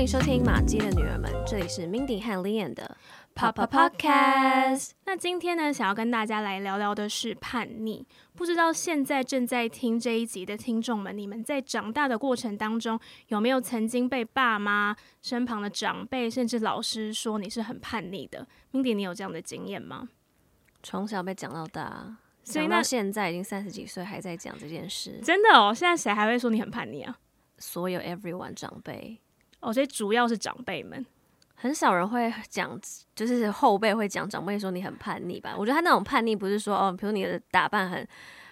歡迎收聽《馬姬的女兒們》，這裡是 Mindy 和 Leanne 的 Papa Podcast。那今天呢，想要跟大家來聊聊的是叛逆。不知道現在正在聽這一集的聽眾們，你們在長大的過程當中，有沒有曾經被爸媽、身旁的長輩，甚至老師說你是很叛逆的？Mindy，你有這樣的經驗嗎？從小被講到大，所以到現在已經三十幾歲，還在講這件事，真的哦！現在誰還會說你很叛逆啊？所有 everyone 長輩。哦，所以主要是長輩們，很少人會講，就是後輩會講長輩說你很叛逆吧？我覺得他那種叛逆不是說哦，比如你的打扮很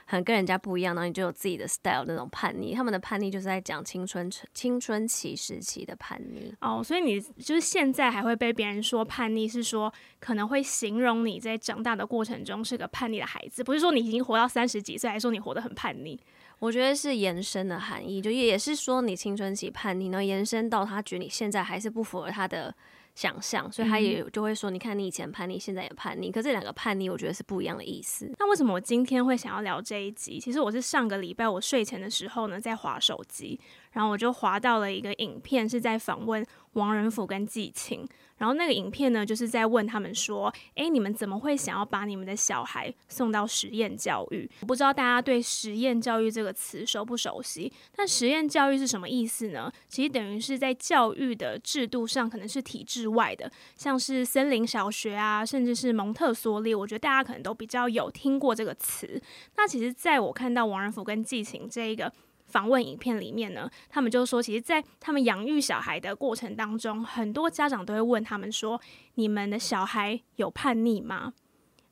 很跟人家不一樣，然後你就有自己的 style 那種叛逆，他們的叛逆就是在講青春青春期時期的叛逆。哦，所以你就是現在還會被別人說叛逆，是說可能會形容你在長大的過程中是個叛逆的孩子，不是說你已經活到三十幾歲還說你活得很叛逆。我覺得是延伸的含義，就也是說你青春期叛逆呢，延伸到他覺得你現在還是不符合他的想象，所以他也就會說，你看你以前叛逆，現在也叛逆，可這兩個叛逆，我覺得是不一樣的意思。那為什麼我今天會想要聊這一集？其實我是上個禮拜我睡前的時候呢，在滑手機。然後我就滑到了一個影片，是在訪問王仁甫跟季晴。然後那個影片呢，就是在問他們說：“誒，你們怎麼會想要把你們的小孩送到實驗教育？”我不知道大家對“實驗教育”這個詞熟不熟悉？那“實驗教育”是什麼意思呢？其實等於是在教育的制度上，可能是體制外的，像是森林小學啊，甚至是蒙特梭利。我覺得大家可能都比較有聽過這個詞。那其實，在我看到王仁甫跟季晴這一個。訪問影片裡面呢，他們就說，其實，在他們養育小孩的過程當中，很多家長都會問他們說：“你們的小孩有叛逆嗎？”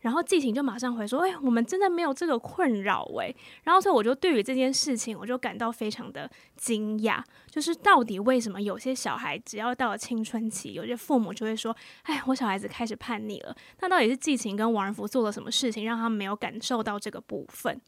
然後季晴就馬上回說：“哎、欸，我們真的沒有這個困擾。”誒，然後所以我就對於這件事情，我就感到非常的驚訝，就是到底為什麼有些小孩只要到了青春期，有些父母就會說：“哎、欸，我小孩子開始叛逆了。”那到底是季晴跟王仁福做了什麼事情，讓他們沒有感受到這個部分？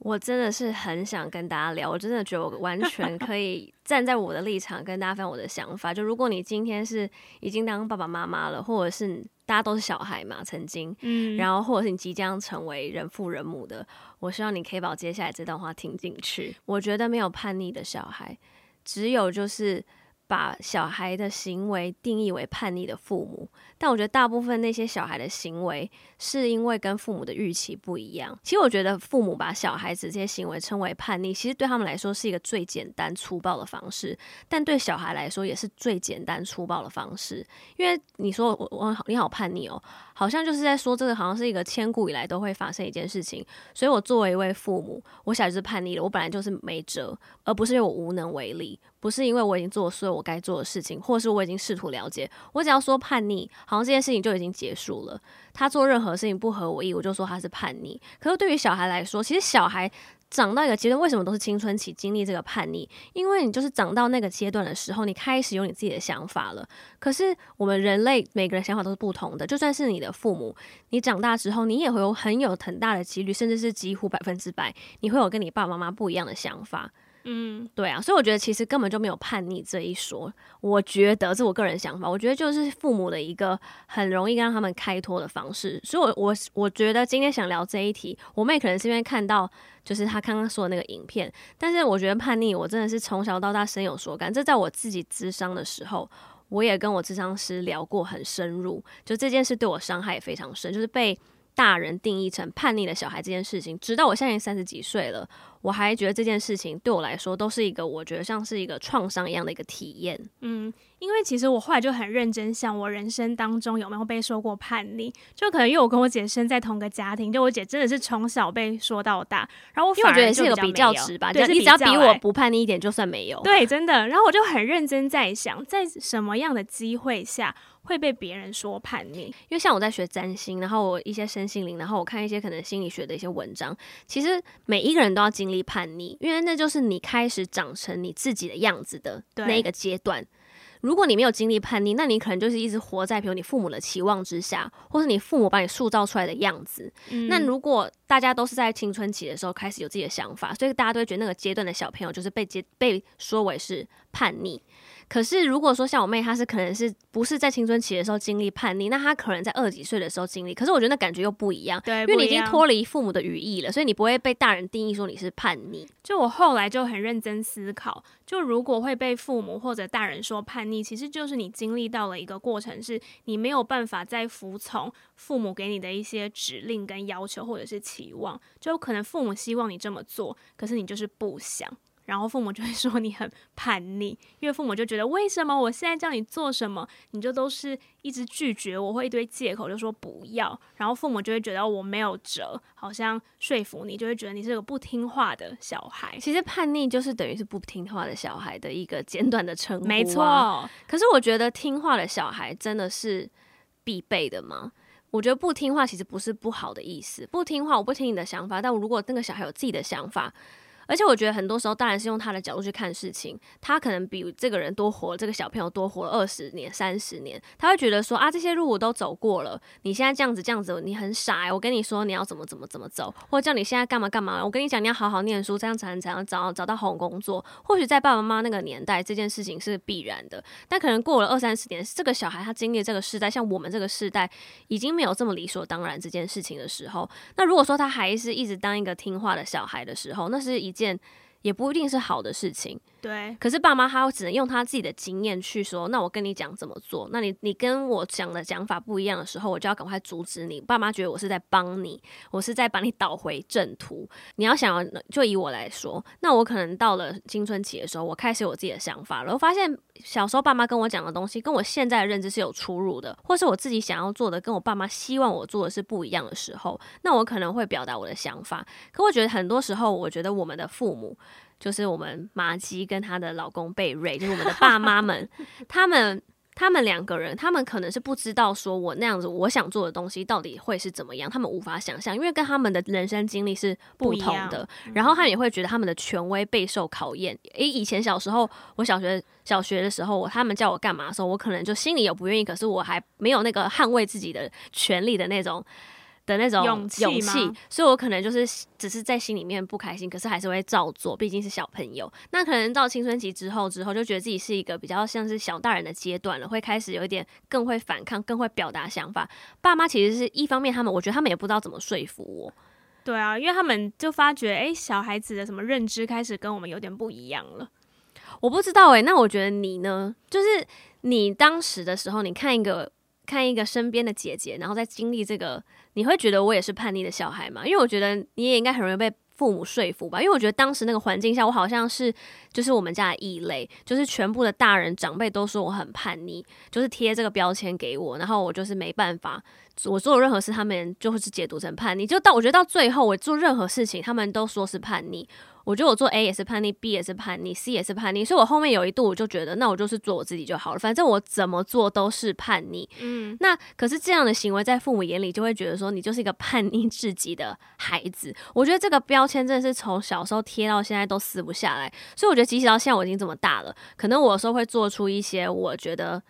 我真的是很想跟大家聊，我真的覺得我完全可以站在我的立場 跟大家分享我的想法。就如果你今天是已經當爸爸媽媽了，或者是大家都是小孩嘛，曾經，嗯，然後或者是你即將成為人父人母的，我希望你可以把我接下來這段話聽進去。是我覺得沒有叛逆的小孩，只有就是把小孩的行為定義為叛逆的父母。但我覺得大部分那些小孩的行為，是因為跟父母的預期不一樣。其實我覺得，父母把小孩子這些行為稱為叛逆，其實對他們來說是一個最簡單粗暴的方式，但對小孩來說也是最簡單粗暴的方式。因為你說我我你好叛逆哦，好像就是在說這個，好像是一個千古以來都會發生一件事情。所以，我作為一位父母，我小孩就是叛逆了，我本來就是沒轍，而不是因為我無能為力，不是因為我已經做了所有我該做的事情，或是我已經試圖了解。我只要說叛逆，好像這件事情就已經結束了。他做任何事情不合我意，我就說他是叛逆。可是對於小孩來說，其實小孩長到一個階段，為什麼都是青春期經歷這個叛逆？因為你就是長到那個階段的時候，你開始有你自己的想法了。可是我們人類每個人想法都是不同的，就算是你的父母，你長大之後，你也會有很有很大的幾率，甚至是幾乎百分之百，你會有跟你爸爸媽媽不一樣的想法。嗯，對啊，所以我覺得其實根本就沒有叛逆這一說。我覺得是我個人想法，我覺得就是父母的一個很容易讓他們開脫的方式。所以我，我我我覺得今天想聊這一題，我妹可能是因為看到就是他剛剛說的那個影片，但是我覺得叛逆，我真的是從小到大深有所感。這在我自己諮商的時候，我也跟我諮商師聊過很深入，就這件事對我傷害也非常深，就是被大人定義成叛逆的小孩這件事情，直到我現在已經三十幾歲了。我還覺得這件事情對我來說都是一個，我覺得像是一個創傷一樣的一個體驗。嗯。因為其實我後來就很認真想，我人生當中有沒有被說過叛逆？就可能因為我跟我姐生在同個家庭，就我姐真的是從小被說到大，然後我反而因為我覺得也是個比較值吧，就對是你只要比我不叛逆一點就算沒有。對，真的。然後我就很認真在想，在什麼樣的機會下會被別人說叛逆？因為像我在學占星，然後我一些身心靈，然後我看一些可能心理學的一些文章，其實每一個人都要經歷叛逆，因為那就是你開始長成你自己的樣子的那個階段。如果你沒有經歷叛逆，那你可能就是一直活在，比如你父母的期望之下，或是你父母把你塑造出來的樣子。嗯、那如果大家都是在青春期的時候開始有自己的想法，所以大家都會覺得那個階段的小朋友就是被接被說為是叛逆。可是如果說像我妹，她是可能是不是在青春期的時候經歷叛逆，那她可能在二幾歲的時候經歷。可是我覺得那感覺又不一樣，對，因為你已經脫離父母的羽翼了，所以你不會被大人定義說你是叛逆。就我後來就很認真思考，就如果會被父母或者大人說叛逆，其實就是你經歷到了一個過程，是你沒有辦法再服從父母給你的一些指令跟要求，或者是期望，就可能父母希望你這麼做，可是你就是不想。然後父母就會說你很叛逆，因為父母就覺得，為什麼我現在叫你做什麼，你就都是一直拒絕我，我會一堆借口就說不要，然後父母就會覺得我沒有轍，好像說服你就會覺得你是個不聽話的小孩。其實叛逆就是等於是不聽話的小孩的一個簡短的稱呼啊，沒錯。可是我覺得聽話的小孩真的是必備的嗎？我覺得不聽話其實不是不好的意思，不聽話，我不聽你的想法，但如果那個小孩有自己的想法。而且我覺得很多時候，當然是用他的角度去看事情。他可能比這個人多活了，這個小朋友多活了二十年、三十年，他會覺得說：“啊，這些路我都走過了，你現在這樣子、這樣子，你很傻欸，我跟你說，你要怎麼怎麼怎麼走，或者叫你現在幹嘛幹嘛，我跟你講，你要好好念書，這樣才能才能找找到好工作。或許在爸爸媽媽那個年代，這件事情是必然的，但可能過了二三十年，這個小孩他經歷這個時代，像我們這個時代，已經沒有這麼理所當然這件事情的時候。那如果說他還是一直當一個聽話的小孩的時候，那是已經，件也不一定是好的事情，對。可是爸媽他只能用他自己的經驗去說，那我跟你講怎麼做。那你你跟我講的講法不一樣的時候，我就要趕快阻止你。爸媽覺得我是在幫你，我是在把你導回正途。你要想要，要就以我來說，那我可能到了青春期的時候，我開始有我自己的想法了，然後發現。小時候爸媽跟我講的東西，跟我現在的認知是有出入的，或是我自己想要做的，跟我爸媽希望我做的是不一樣的時候，那我可能會表達我的想法。可我覺得很多時候，我覺得我們的父母，就是我們麻吉跟她的老公貝瑞，就是我們的爸媽們， 他們。他們兩個人，他們可能是不知道，說我那樣子，我想做的東西到底會是怎麼樣，他們無法想象，因為跟他們的人生經歷是不同的。然後他們也會覺得他們的權威備受考驗。誒，以前小時候，我小學小學的時候，他們叫我幹嘛的時候，我可能就心裡有不願意，可是我還沒有那個捍衛自己的權利的那種。的那種勇氣，所以我可能就是只是在心裡面不開心，可是還是會照做，畢竟是小朋友。那可能到青春期之後，之後就覺得自己是一個比較像是小大人的階段了，會開始有一點更會反抗，更會表達想法。爸媽其實是一方面，他們我覺得他們也不知道怎麼說服我。對啊，因為他們就發覺，哎、欸，小孩子的什麼認知開始跟我們有點不一樣了。我不知道哎、欸，那我覺得你呢？就是你當時的時候，你看一個看一個身邊的姐姐，然後在經歷這個。你會覺得我也是叛逆的小孩嗎？因為我覺得你也應該很容易被父母說服吧。因為我覺得當時那個環境下，我好像是就是我們家的異類，就是全部的大人長輩都說我很叛逆，就是貼這個標籤給我，然後我就是沒辦法，我做任何事他們就會是解讀成叛逆，就到我覺得到最後我做任何事情他們都說是叛逆。我覺得我做 A 也是叛逆，B 也是叛逆，C 也是叛逆，所以我後面有一度我就覺得，那我就是做我自己就好了，反正我怎麼做都是叛逆。嗯，那可是這樣的行為在父母眼裡就會覺得說你就是一個叛逆至極的孩子。我覺得這個標籤真的是從小時候貼到現在都撕不下來。所以我覺得即使到現在我已經這麼大了，可能我有時候會做出一些我覺得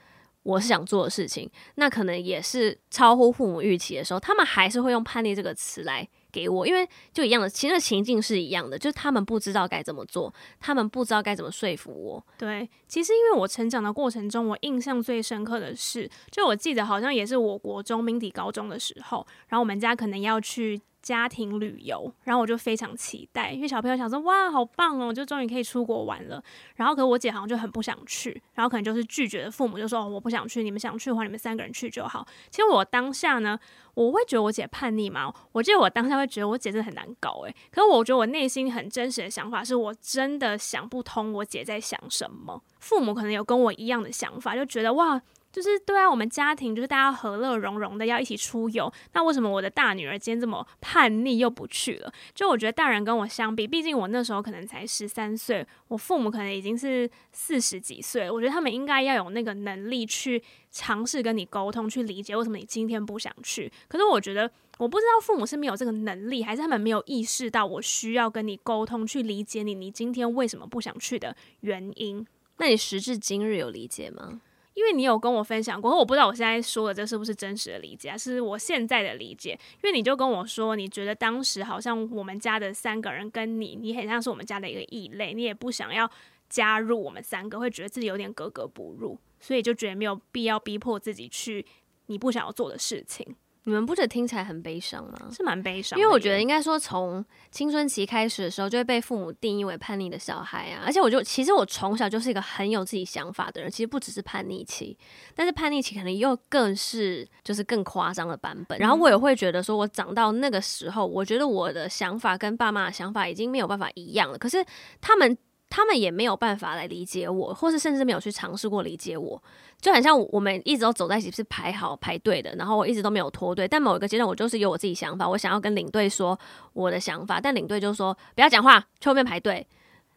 我是想做的事情，那可能也是超乎父母預期的時候，他們還是會用叛逆這個詞來。給我，因為就一樣的，其實情境是一樣的，就是他們不知道該怎麼做，他們不知道該怎麼說服我。對，其實因為我成長的過程中，我印象最深刻的是，就我記得好像也是我國中、明底高中的時候，然後我們家可能要去。家庭旅遊，然後我就非常期待，因為小朋友想說哇，好棒哦，就終於可以出國玩了。然後，可是我姐好像就很不想去，然後可能就是拒絕了父母，就說哦，我不想去，你們想去的話，你們三個人去就好。其實我當下呢，我會覺得我姐叛逆嗎？我記得我當下會覺得我姐真的很難搞欸。可是我覺得我內心很真實的想法是我真的想不通我姐在想什麼。父母可能有跟我一樣的想法，就覺得哇。就是對啊，我們家庭就是大家和樂融融的，要一起出遊。那為什麼我的大女兒今天這麼叛逆，又不去了？就我覺得大人跟我相比，畢竟我那時候可能才十三歲，我父母可能已經是四十幾歲。我覺得他們應該要有那個能力去嘗試跟你溝通，去理解為什麼你今天不想去。可是我覺得我不知道父母是沒有這個能力，還是他們沒有意識到我需要跟你溝通，去理解你，你今天為什麼不想去的原因。那你時至今日有理解嗎？因為你有跟我分享過，我不知道我現在說的這是不是真實的理解，是我現在的理解。因為你就跟我說，你覺得當時好像我們家的三個人跟你，你很像是我們家的一個異類，你也不想要加入我們三個，會覺得自己有點格格不入，所以就覺得沒有必要逼迫自己去你不想要做的事情。你們不覺得聽起來很悲傷嗎？是蠻悲傷的，因為我覺得應該說，從青春期開始的時候，就會被父母定義為叛逆的小孩啊。而且，我就其實我從小就是一個很有自己想法的人。其實不只是叛逆期，但是叛逆期可能又更是就是更誇張的版本。嗯、然後我也會覺得說，我長到那個時候，我覺得我的想法跟爸媽的想法已經沒有辦法一樣了。可是他們。他們也沒有辦法來理解我，或是甚至沒有去嘗試過理解我，就很像我們一直都走在一起是排好排隊的，然後我一直都沒有脫隊。但某一個階段，我就是有我自己想法，我想要跟領隊說我的想法，但領隊就說不要講話，去後面排隊。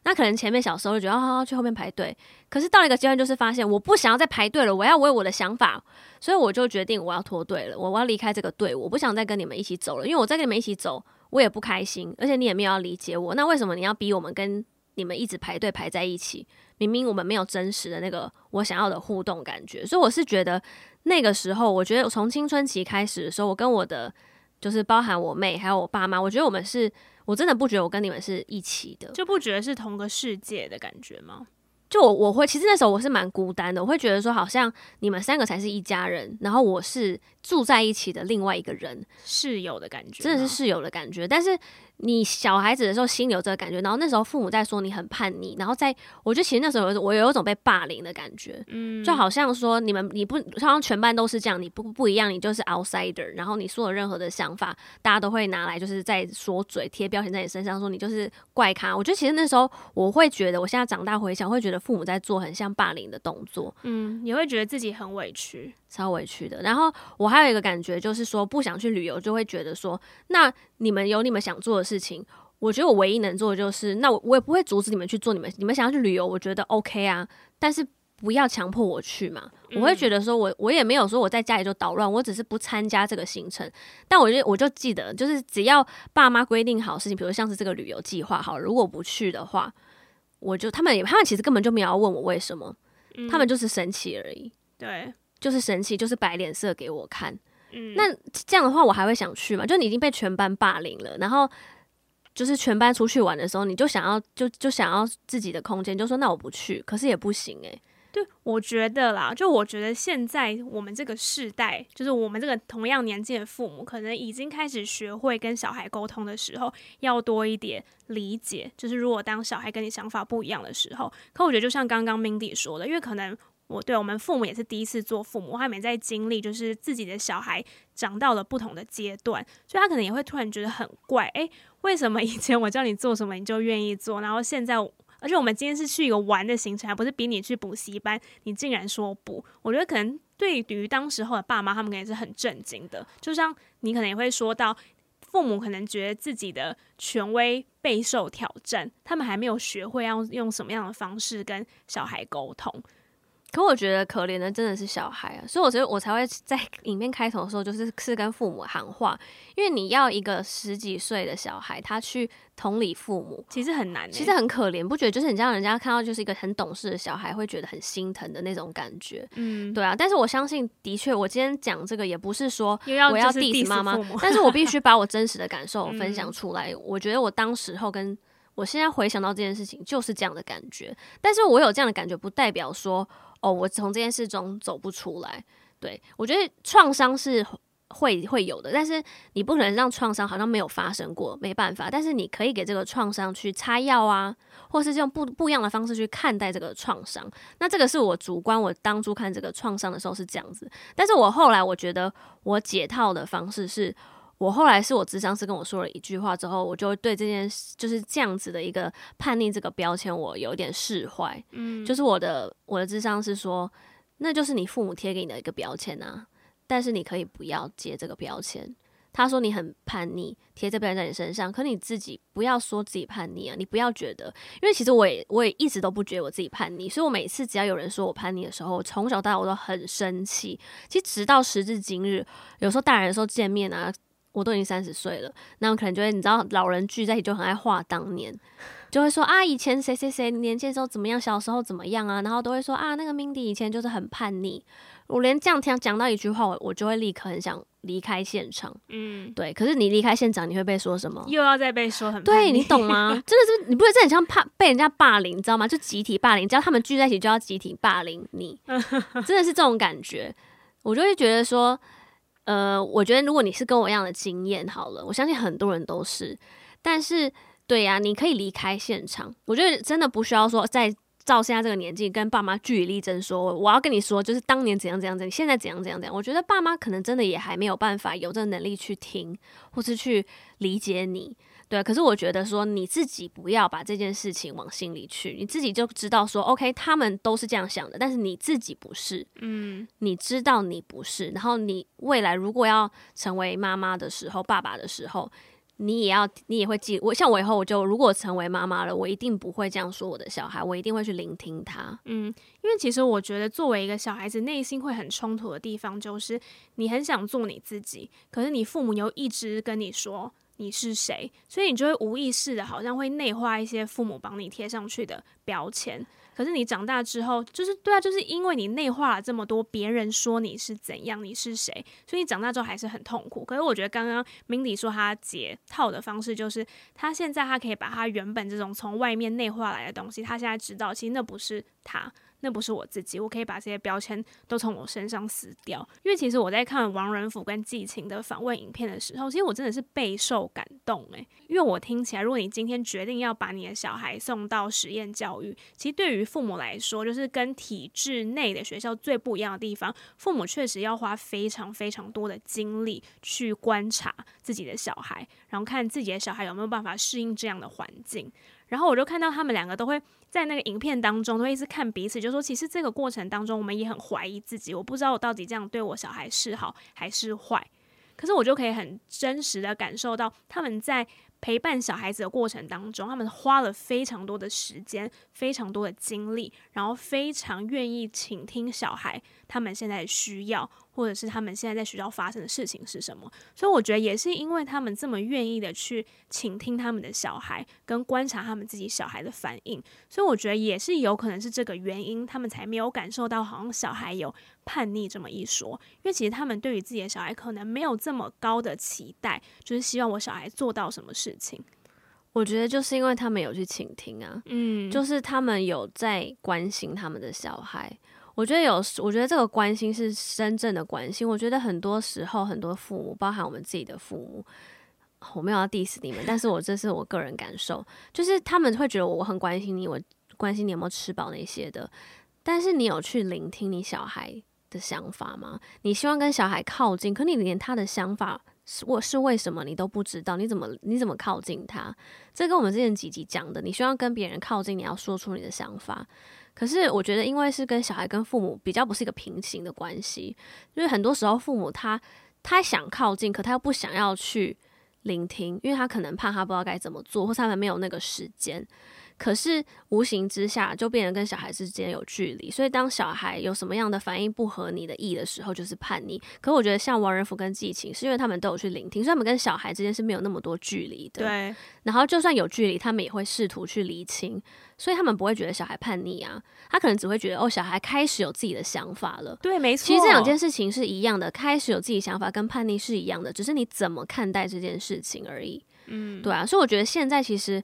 那可能前面小時候就覺得啊、哦，去後面排隊，可是到了一個階段，就是發現我不想要再排隊了，我要為我的想法，所以我就決定我要脫隊了，我要離開這個隊，我不想再跟你們一起走了，因為我再跟你們一起走，我也不開心，而且你也沒有要理解我，那為什麼你要逼我們跟？你們一直排隊排在一起，明明我們沒有真實的那個我想要的互動感覺，所以我是覺得那個時候，我覺得從青春期開始的時候，我跟我的就是包含我妹還有我爸媽，我覺得我們是我真的不覺得我跟你們是一起的，就不覺得是同個世界的感覺嗎？就我我會其實那時候我是蠻孤單的，我會覺得說好像你們三個才是一家人，然後我是住在一起的另外一個人室友的感覺，真的是室友的感覺，但是。你小孩子的時候心裡有這個感覺，然後那時候父母在說你很叛逆，然後在我覺得其實那時候我有一種被霸凌的感覺，嗯，就好像說你們你不，好像全班都是這樣，你不不一樣，你就是 outsider，然後你所有任何的想法，大家都會拿來就是在說嘴貼標籤在你身上，說你就是怪咖。我覺得其實那時候我會覺得，我現在長大回想，會覺得父母在做很像霸凌的動作，嗯，你會覺得自己很委屈，超委屈的。然後我還有一個感覺就是說不想去旅遊，就會覺得說那。你們有你們想做的事情，我覺得我唯一能做的就是，那我我也不會阻止你們去做你們你們想要去旅遊，我覺得 OK 啊，但是不要強迫我去嘛。嗯、我會覺得說我，我我也沒有說我在家裡就搗亂，我只是不參加這個行程。但我就我就記得，就是只要爸媽規定好事情，比如像是這個旅遊計劃，好，如果不去的話，我就他們，也他們其實根本就沒有要問我為什麼，他們就是神奇而已，嗯、對，就是神奇，就是擺臉色給我看。那這樣的話，我還會想去嗎？就你已經被全班霸凌了，然後就是全班出去玩的時候，你就想要就就想要自己的空間，就說那我不去。可是也不行誒、欸。對，我覺得啦，就我覺得現在我們這個世代，就是我們這個同樣年紀的父母，可能已經開始學會跟小孩溝通的時候，要多一點理解。就是如果當小孩跟你想法不一樣的時候，可我覺得就像剛剛 Mindy 說的，因為可能。我對我們父母也是第一次做父母，他們也在經歷，就是自己的小孩長到了不同的階段，所以他可能也會突然覺得很怪，誒，為什麼以前我叫你做什麼你就願意做，然後現在，而且我們今天是去一個玩的行程，還不是逼你去補習班，你竟然說不，我覺得可能對於當時候的爸媽，他們肯定是很震驚的。就像你可能也會說到，父母可能覺得自己的權威備受挑戰，他們還沒有學會要用什麼樣的方式跟小孩溝通。可我覺得可憐的真的是小孩啊，所以我覺得我才會在影片開頭的時候就是是跟父母喊話，因為你要一個十幾歲的小孩他去同理父母，其實很難、欸，其實很可憐，不覺得就是你讓人家看到就是一個很懂事的小孩，會覺得很心疼的那種感覺，嗯，對啊。但是我相信，的確，我今天講這個也不是說我要弟弟媽媽，但是我必須把我真實的感受分享出來。嗯、我覺得我當時候跟我現在回想到這件事情，就是這樣的感覺。但是我有這樣的感覺，不代表說。哦，我從這件事中走不出來。對我覺得創傷是會會有的，但是你不能讓創傷好像沒有發生過，沒辦法。但是你可以給這個創傷去擦藥啊，或是用不不一樣的方式去看待這個創傷。那這個是我主觀，我當初看這個創傷的時候是這樣子，但是我後來我覺得我解套的方式是，我後來是我諮商師跟我說了一句話之後，我就會對這件就是這樣子的一個叛逆這個標籤，我有點釋懷。嗯，就是我的我的諮商師說，那就是你父母貼給你的一個標籤啊，但是你可以不要接這個標籤。他說你很叛逆，貼這標籤在你身上，可是你自己不要說自己叛逆啊，你不要覺得，因為其實我也我也一直都不覺得我自己叛逆，所以我每次只要有人說我叛逆的時候，從小到大我都很生氣。其實直到時至今日，有時候大人說見面啊。我都已經三十歲了，那我可能覺得，你知道，老人聚在一起就很愛話當年，就會說啊，以前誰誰誰年輕的時候怎麼樣，小時候怎麼樣啊，然後都會說啊，那個 Mindy 以前就是很叛逆。我連這樣講講到一句話，我我就會立刻很想離開現場。嗯，對。可是你離開現場，你會被說什麼？又要再被說很叛逆。對，你懂嗎，啊？真的是，你不會，這很像怕被人家霸凌，你知道嗎？就集體霸凌，只要他們聚在一起，就要集體霸凌你。真的是這種感覺，我就會覺得說。呃，我覺得如果你是跟我一樣的經驗好了，我相信很多人都是。但是，對呀，啊，你可以離開現場。我覺得真的不需要說，在照現在這個年紀，跟爸媽據理力爭說，我要跟你說，就是當年怎樣怎樣怎樣，現在怎樣怎樣怎樣。我覺得爸媽可能真的也還沒有辦法有這個能力去聽，或是去理解你。對，可是我覺得說你自己不要把這件事情往心裡去，你自己就知道說，OK，他們都是這樣想的，但是你自己不是，嗯，你知道你不是，然後你未來如果要成為媽媽的時候、爸爸的時候，你也要，你也會記，我像，我以後我就如果成為媽媽了，我一定不會這樣說我的小孩，我一定會去聆聽他，嗯，因為其實我覺得作為一個小孩子，內心會很衝突的地方，就是你很想做你自己，可是你父母又一直跟你說。你是誰？所以你就會無意識的，好像會內化一些父母幫你貼上去的標籤。可是你長大之後，就是對啊，就是因為你內化了這麼多別人說你是怎樣，你是誰，所以你長大之後還是很痛苦。可是我覺得剛剛 Mindy 說他解套的方式，就是他現在他可以把他原本這種從外面內化來的東西，他現在知道其實那不是他。那不是我自己，我可以把這些標籤都從我身上撕掉。因為其實我在看王仁甫跟季芹的訪問影片的時候，其實我真的是備受感動誒、欸。因為我聽起來，如果你今天決定要把你的小孩送到實驗教育，其實對於父母來說，就是跟體制內的學校最不一樣的地方。父母確實要花非常非常多的精力去觀察自己的小孩，然後看自己的小孩有沒有辦法適應這樣的環境。然後我就看到他們兩個都會在那個影片當中，都會一直看彼此，就說其實這個過程當中，我們也很懷疑自己，我不知道我到底這樣對我小孩是好還是壞。可是我就可以很真實的感受到，他們在陪伴小孩子的過程當中，他們花了非常多的時間、非常多的精力，然後非常願意傾聽小孩。他們現在需要，或者是他們現在在學校發生的事情是什麼？所以我覺得也是因為他們這麼願意的去傾聽他們的小孩，跟觀察他們自己小孩的反應，所以我覺得也是有可能是這個原因，他們才沒有感受到好像小孩有叛逆這麼一說。因為其實他們對於自己的小孩可能沒有這麼高的期待，就是希望我小孩做到什麼事情。我覺得就是因為他們有去傾聽啊，嗯，就是他們有在關心他們的小孩。我覺得有，我覺得這個關心是真正的關心。我覺得很多時候，很多父母，包含我們自己的父母，我沒有要 diss 你們，但是我這是我個人感受， 就是他們會覺得我很關心你，我關心你有沒有吃飽那些的。但是你有去聆聽你小孩的想法嗎？你希望跟小孩靠近，可你連他的想法是我是為什麼你都不知道，你怎麼你怎麼靠近他？這跟我們之前幾集講的，你希望跟別人靠近，你要說出你的想法。可是我覺得，因為是跟小孩跟父母比較不是一個平行的關係，因為很多時候父母他他想靠近，可他又不想要去聆聽，因為他可能怕他不知道該怎麼做，或是他們沒有那個時間。可是無形之下就變成跟小孩之間有距離，所以當小孩有什麼樣的反應不合你的意的時候，就是叛逆。可是我覺得像王仁甫跟季芹，是因為他們都有去聆聽，所以他們跟小孩之間是沒有那麼多距離的。對。然後就算有距離，他們也會試圖去釐清，所以他們不會覺得小孩叛逆啊，他可能只會覺得哦、喔，小孩開始有自己的想法了。對，沒錯。其實這兩件事情是一樣的，開始有自己的想法跟叛逆是一樣的，只是你怎麼看待這件事情而已。嗯，對啊。所以我覺得現在其實。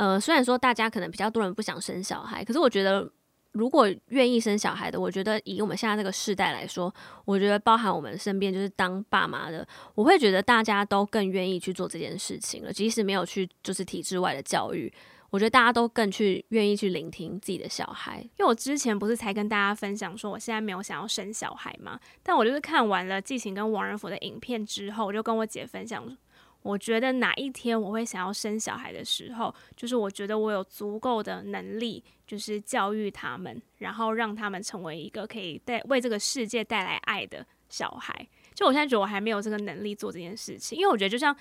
呃，雖然說大家可能比較多人不想生小孩，可是我覺得如果願意生小孩的，我覺得以我們現在這個世代來說，我覺得包含我們身邊就是當爸媽的，我會覺得大家都更願意去做這件事情了。即使沒有去就是體制外的教育，我覺得大家都更去願意去聆聽自己的小孩。因為我之前不是才跟大家分享說我現在沒有想要生小孩嗎？但我就是看完了《季芹》跟《王仁甫》的影片之後，我就跟我姐分享。我覺得哪一天我會想要生小孩的時候，就是我覺得我有足夠的能力，就是教育他們，然後讓他們成為一個可以帶為這個世界帶來愛的小孩。就我現在覺得我還沒有這個能力做這件事情，因為我覺得就像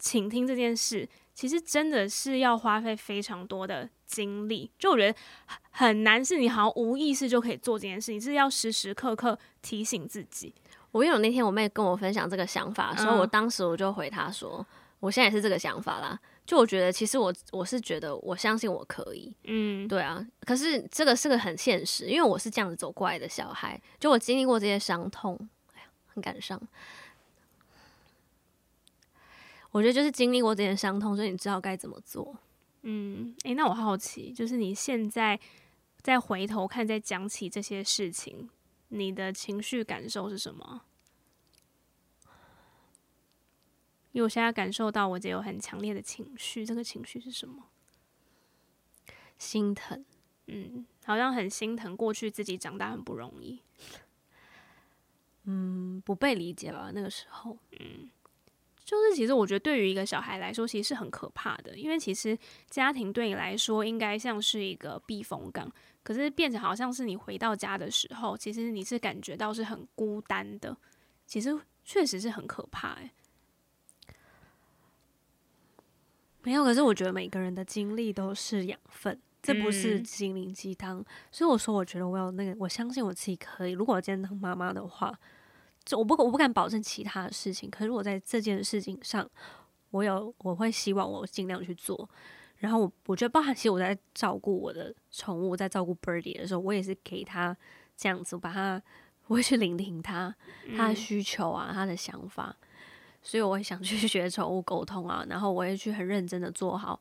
傾聽這件事，其實真的是要花費非常多的精力，就我覺得很難，是你好像無意識就可以做這件事，你是要時時刻刻提醒自己。我因為那天我妹跟我分享這個想法，所以我當時我就回她說，哦、我現在也是這個想法啦。就我覺得，其實我我是覺得，我相信我可以，嗯，對啊。可是這個是個很現實，因為我是這樣子走過來的小孩，就我經歷過這些傷痛，哎呀，很感傷。我覺得就是經歷過這些傷痛，所以你知道該怎麼做。嗯，哎、欸，那我好奇，就是你現在再回頭看，再講起這些事情。你的情緒感受是什麼？因為我現在感受到我自己有很強烈的情緒，這個情緒是什麼？心疼，嗯，好像很心疼過去自己長大很不容易，嗯，不被理解吧？那個時候，嗯，就是其實我覺得對於一個小孩來說，其實是很可怕的，因為其實家庭對你來說應該像是一個避風港。可是變成好像是你回到家的時候，其實你是感覺到是很孤單的，其實確實是很可怕哎、欸。沒有，可是我覺得每個人的經歷都是養分，這不是心靈雞湯。嗯、所以我說，我覺得我有那個，我相信我自己可以。如果我今天當媽媽的話，就我不我不敢保證其他的事情，可是我在這件事情上，我有我會希望我盡量去做。然後我，我覺得包含其實我在照顧我的寵物，在照顧 Birdie 的時候，我也是給他這樣子，把他，我會去聆聽他，嗯、他的需求啊，他的想法，所以我也想去學寵物溝通啊，然後我也去很認真的做好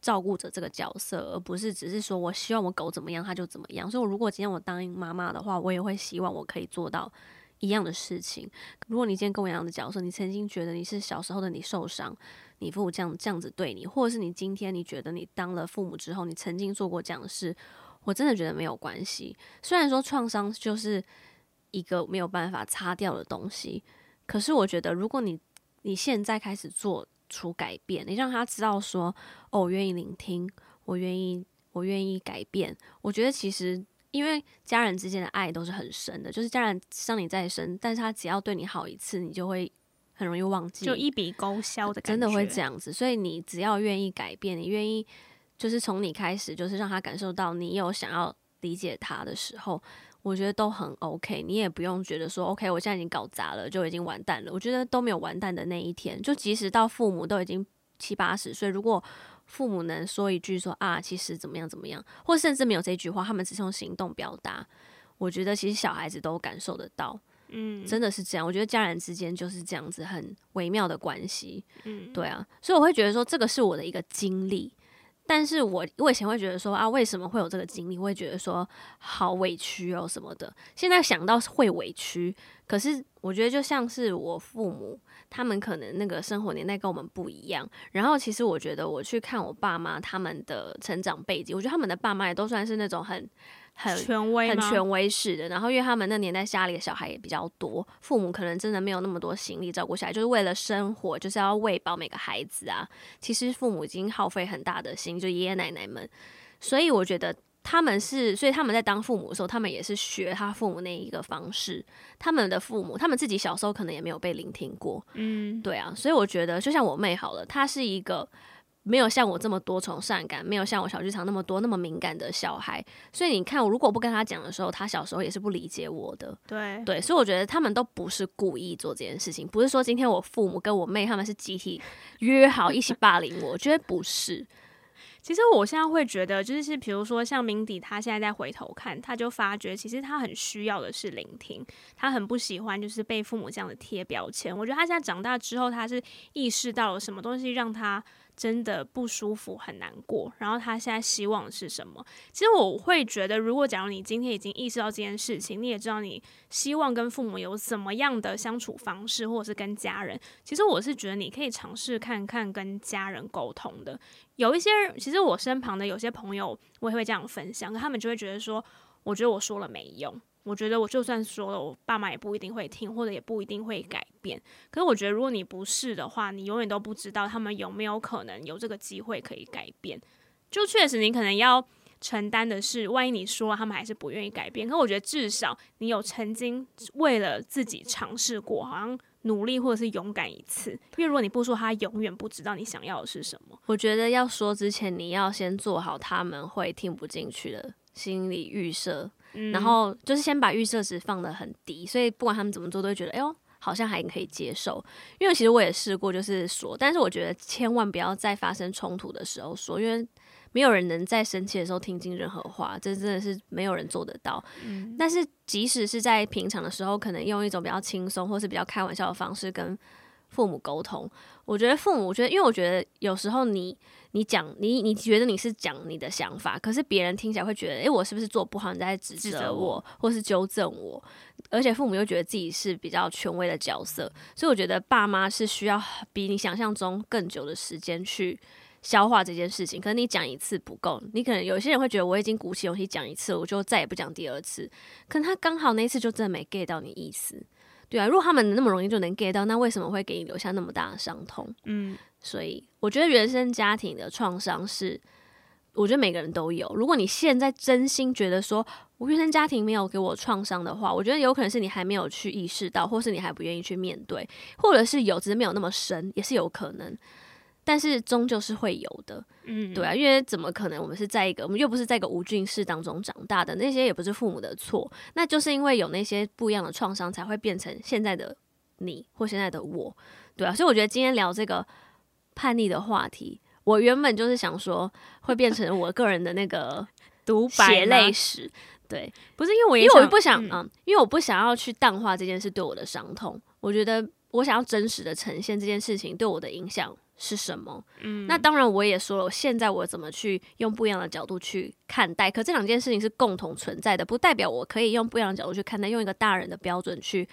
照顧者這個角色，而不是只是說我希望我狗怎麼樣，他就怎麼樣。所以，我如果今天我當媽媽的話，我也會希望我可以做到。一樣的事情，如果你今天跟我一樣的角色，你曾經覺得你是小時候的你受傷，你父母這樣這樣子對你，或者是你今天你覺得你當了父母之後，你曾經做過這樣的事，我真的覺得沒有關係。雖然說創傷就是一個沒有辦法擦掉的東西，可是我覺得如果你你現在開始做出改變，你讓他知道說，哦，我願意聆聽，我願意，我願意改變，我覺得其實。因為家人之間的愛都是很深的，就是家人傷你再深，但是他只要對你好一次，你就會很容易忘記，就一筆勾銷的感覺，真的會這樣子。所以你只要願意改變，你願意就是從你開始，就是讓他感受到你有想要理解他的時候，我覺得都很 OK。你也不用覺得說 OK，我現在已經搞砸了，就已經完蛋了。我覺得都沒有完蛋的那一天。就即使到父母都已經七八十歲，所以如果父母能說一句說啊，其實怎麼樣怎麼樣，或甚至沒有這一句話，他們只用行動表達。我覺得其實小孩子都感受得到，嗯，真的是這樣。我覺得家人之間就是這樣子很微妙的關係，嗯，對啊，所以我會覺得說這個是我的一個經歷。但是我，我以前會覺得說啊，為什麼會有這個經歷？會覺得說好委屈哦什麼的。現在想到會委屈，可是我覺得就像是我父母，他們可能那個生活年代跟我們不一樣。然後其實我覺得我去看我爸媽他們的成長背景，我覺得他們的爸媽也都算是那種很。很權威，很權威式的。然後，因為他們那年代家裡的小孩也比較多，父母可能真的沒有那麼多心力照顧下來，就是為了生活，就是要餵飽每個孩子啊。其實父母已經耗費很大的心，就爺爺奶奶們。所以我覺得他們是，所以他們在當父母的時候，他們也是學他父母那一個方式。他們的父母，他們自己小時候可能也沒有被聆聽過。嗯，對啊。所以我覺得，就像我妹好了，她是一個。沒有像我這麼多愁善感，沒有像我小劇場那麼多那麼敏感的小孩，所以你看，我如果不跟他講的時候，他小時候也是不理解我的。對對，所以我覺得他們都不是故意做這件事情，不是說今天我父母跟我妹他們是集體約好一起霸凌我， 我覺得不是。其實我現在會覺得，就是，是比如說像明迪，他現在在回頭看，他就發覺其實他很需要的是聆聽，他很不喜歡就是被父母這樣的貼標籤。我覺得他現在長大之後，他是意識到了什麼東西讓他。真的不舒服，很難過。然後他現在希望是什麼？其實我會覺得，如果假如你今天已經意識到這件事情，你也知道你希望跟父母有怎麼樣的相處方式，或者是跟家人，其實我是覺得你可以嘗試看看跟家人溝通的。有一些人，其實我身旁的有些朋友，我也會這樣分享，他們就會覺得說，我覺得我說了沒用。我覺得我就算說了，我爸媽也不一定會聽，或者也不一定會改變。可是我覺得，如果你不試的話，你永遠都不知道他們有沒有可能有這個機會可以改變。就確實，你可能要承擔的是，萬一你說他們還是不願意改變。可是我覺得，至少你有曾經為了自己嘗試過，好像努力或者是勇敢一次。因為如果你不說，他永遠不知道你想要的是什麼。我覺得要說之前，你要先做好他們會聽不進去的心理預設。然後就是先把預設值放得很低，所以不管他們怎麼做，都會覺得哎呦好像還可以接受。因為其實我也試過，就是說，但是我覺得千萬不要在發生衝突的時候說，因為沒有人能在生氣的時候聽進任何話，這真的是沒有人做得到。嗯，但是即使是在平常的時候，可能用一種比較輕鬆或是比較開玩笑的方式跟父母溝通，我覺得父母，我覺得因為我覺得有時候你。你講你，你覺得你是講你的想法，可是別人聽起來會覺得，哎、欸，我是不是做不好？你在指責我，或是糾正我？而且父母又覺得自己是比較權威的角色，所以我覺得爸媽是需要比你想象中更久的時間去消化這件事情。可能你講一次不夠，你可能有些人會覺得我已經鼓起勇氣講一次，我就再也不講第二次。可能他剛好那一次就真的沒 get 到你意思，對啊？如果他們那麼容易就能 get 到，那為什麼會給你留下那麼大的傷痛？嗯。所以我覺得原生家庭的創傷是，我覺得每個人都有。如果你現在真心覺得說我原生家庭沒有給我創傷的話，我覺得有可能是你還沒有去意識到，或是你還不願意去面對，或者是有，只是沒有那麼深，也是有可能。但是終究是會有的，嗯，對啊，因為怎麼可能我們是在一個我們又不是在一個無菌室當中長大的，那些也不是父母的錯，那就是因為有那些不一樣的創傷，才會變成現在的你或現在的我，對啊。所以我覺得今天聊這個。叛逆的話題，我原本就是想說會變成我個人的那個獨白 淚史，對，不是因為我也因為我不想啊、嗯嗯，因為我不想要去淡化這件事對我的傷痛。我覺得我想要真實的呈現這件事情對我的影響是什麼。嗯，那當然我也說了，我現在我怎麼去用不一樣的角度去看待？可這兩件事情是共同存在的，不代表我可以用不一樣的角度去看待，用一個大人的標準去。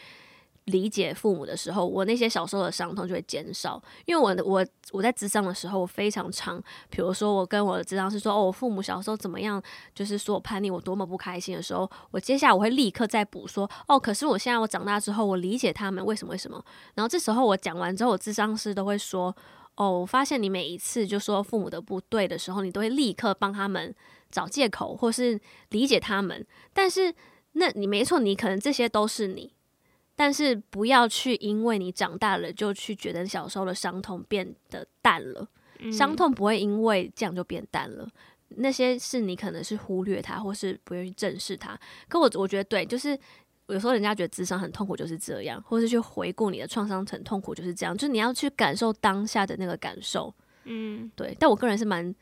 理解父母的時候，我那些小時候的傷痛就會減少。因為我我我在諮商的時候，我非常常。比如說，我跟我的諮商師說：“哦，我父母小時候怎麼樣？就是說我叛逆，我多麼不開心的時候，我接下來我會立刻再補說：哦，可是我現在我長大之後，我理解他們為什麼為什麼。然後這時候我講完之後，我諮商師都會說：哦，我發現你每一次就說父母的不對的時候，你都會立刻幫他們找借口，或是理解他們。但是那你沒錯，你可能這些都是你。”但是不要去，因為你長大了就去覺得小時候的傷痛變得淡了，嗯、傷痛不會因為這樣就變淡了。那些是你可能是忽略它，或是不願意正視它。可我我覺得對，就是有時候人家覺得諮商很痛苦，就是這樣，或是去回顧你的創傷很痛苦，就是這樣，就是你要去感受當下的那個感受。嗯，對。但我個人是蠻。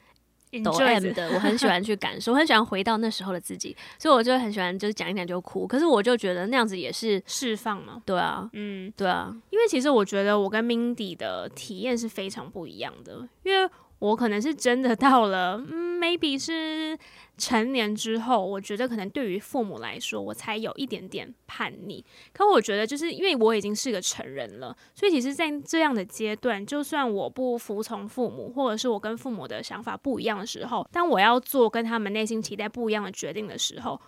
enjoy 的，我很喜歡去感受， 我很喜歡回到那時候的自己，所以我就很喜歡，就是講一講就哭。可是我就覺得那樣子也是釋放嘛，對啊，嗯，對啊，因為其實我覺得我跟 Mindy 的體驗是非常不一樣的，因為。我可能是真的到了，嗯，maybe 是成年之後，我覺得可能對於父母來說，我才有一點點叛逆。可我覺得，就是因為我已經是個成人了，所以其實，在這樣的階段，就算我不服從父母，或者是我跟父母的想法不一樣的時候，當我要做跟他們內心期待不一樣的決定的時候。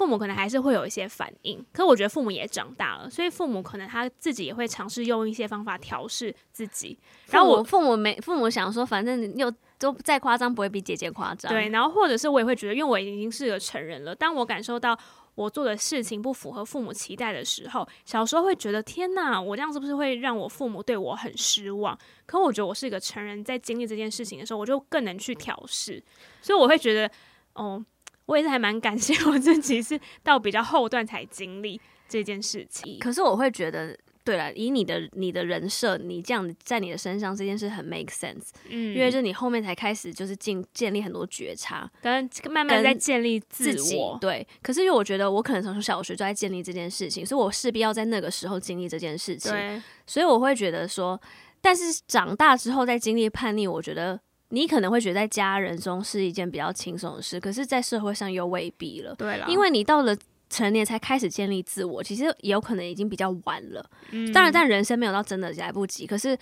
父母可能還是會有一些反應，可是我覺得父母也長大了，所以父母可能他自己也會嘗試用一些方法調適自己。然後我父母，父母沒父母想說，反正你又都再誇張，不會比姐姐誇張。對，然後或者是我也會覺得，因為我已經是個成人了。當我感受到我做的事情不符合父母期待的時候，小時候會覺得天哪，我這樣是不是會讓我父母對我很失望？可我覺得我是一個成人，在經歷這件事情的時候，我就更能去調適。所以我會覺得，哦、嗯。我也是還蠻感謝，我自己是到比較後段才經歷這件事情。可是我會覺得，對了，以你的你的人設，你這樣子在你的身上這件事很 make sense。嗯，因為就你後面才開始就是建建立很多覺察，當然慢慢在建立自我。對，可是因為我覺得我可能從小學就在建立這件事情，所以我勢必要在那個時候經歷這件事情。對所以我會覺得說，但是長大之後在經歷叛逆，我覺得。你可能會覺得在家人中是一件比較輕鬆的事，可是，在社會上又未必了。對啦，因為你到了成年才開始建立自我，其實也有可能已經比較晚了。嗯，當然，但人生沒有到真的來不及，可是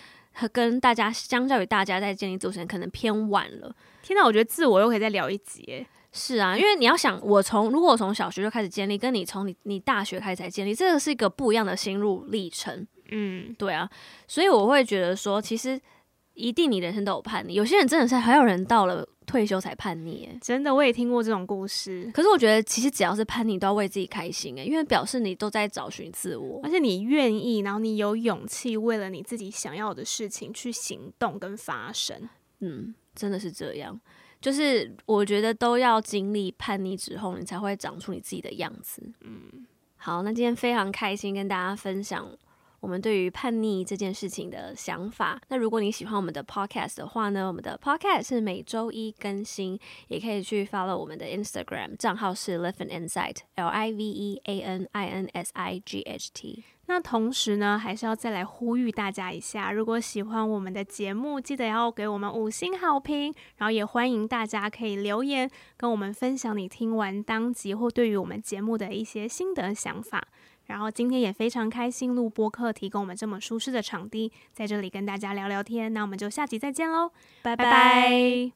跟大家相較於大家在建立之前，可能偏晚了。天哪，我覺得自我又可以再聊一集誒。是啊，因為你要想，我從如果我從小學就開始建立，跟你從你你大學開始才建立，這個是一個不一樣的心路歷程。嗯，對啊，所以我會覺得說，其實。一定，你人生都有叛逆。有些人真的是，還有人到了退休才叛逆，欸。真的，我也聽過這種故事。可是我覺得，其實只要是叛逆，都要為自己開心誒，欸，因為表示你都在找尋自我，而且你願意，然後你有勇氣，為了你自己想要的事情去行動跟發生。嗯，真的是這樣。就是我覺得都要經歷叛逆之後，你才會長出你自己的樣子。嗯，好，那今天非常開心跟大家分享。我們對於叛逆這件事情的想法。那如果你喜歡我們的 podcast 的話呢，我們的 podcast 是每周一更新，也可以去 follow 我們的 Instagram 賬號是 Live an Insight, L I V E A N I N S I G H T。那同時呢，還是要再來呼籲大家一下，如果喜歡我們的節目，記得要給我們五星好評，然後也歡迎大家可以留言跟我們分享你聽完當集或對於我們節目的一些心得想法。然後今天也非常開心錄播客，提供我們這麼舒適的場地，在這裡跟大家聊聊天。那我們就下集再見嘍，拜拜。拜拜。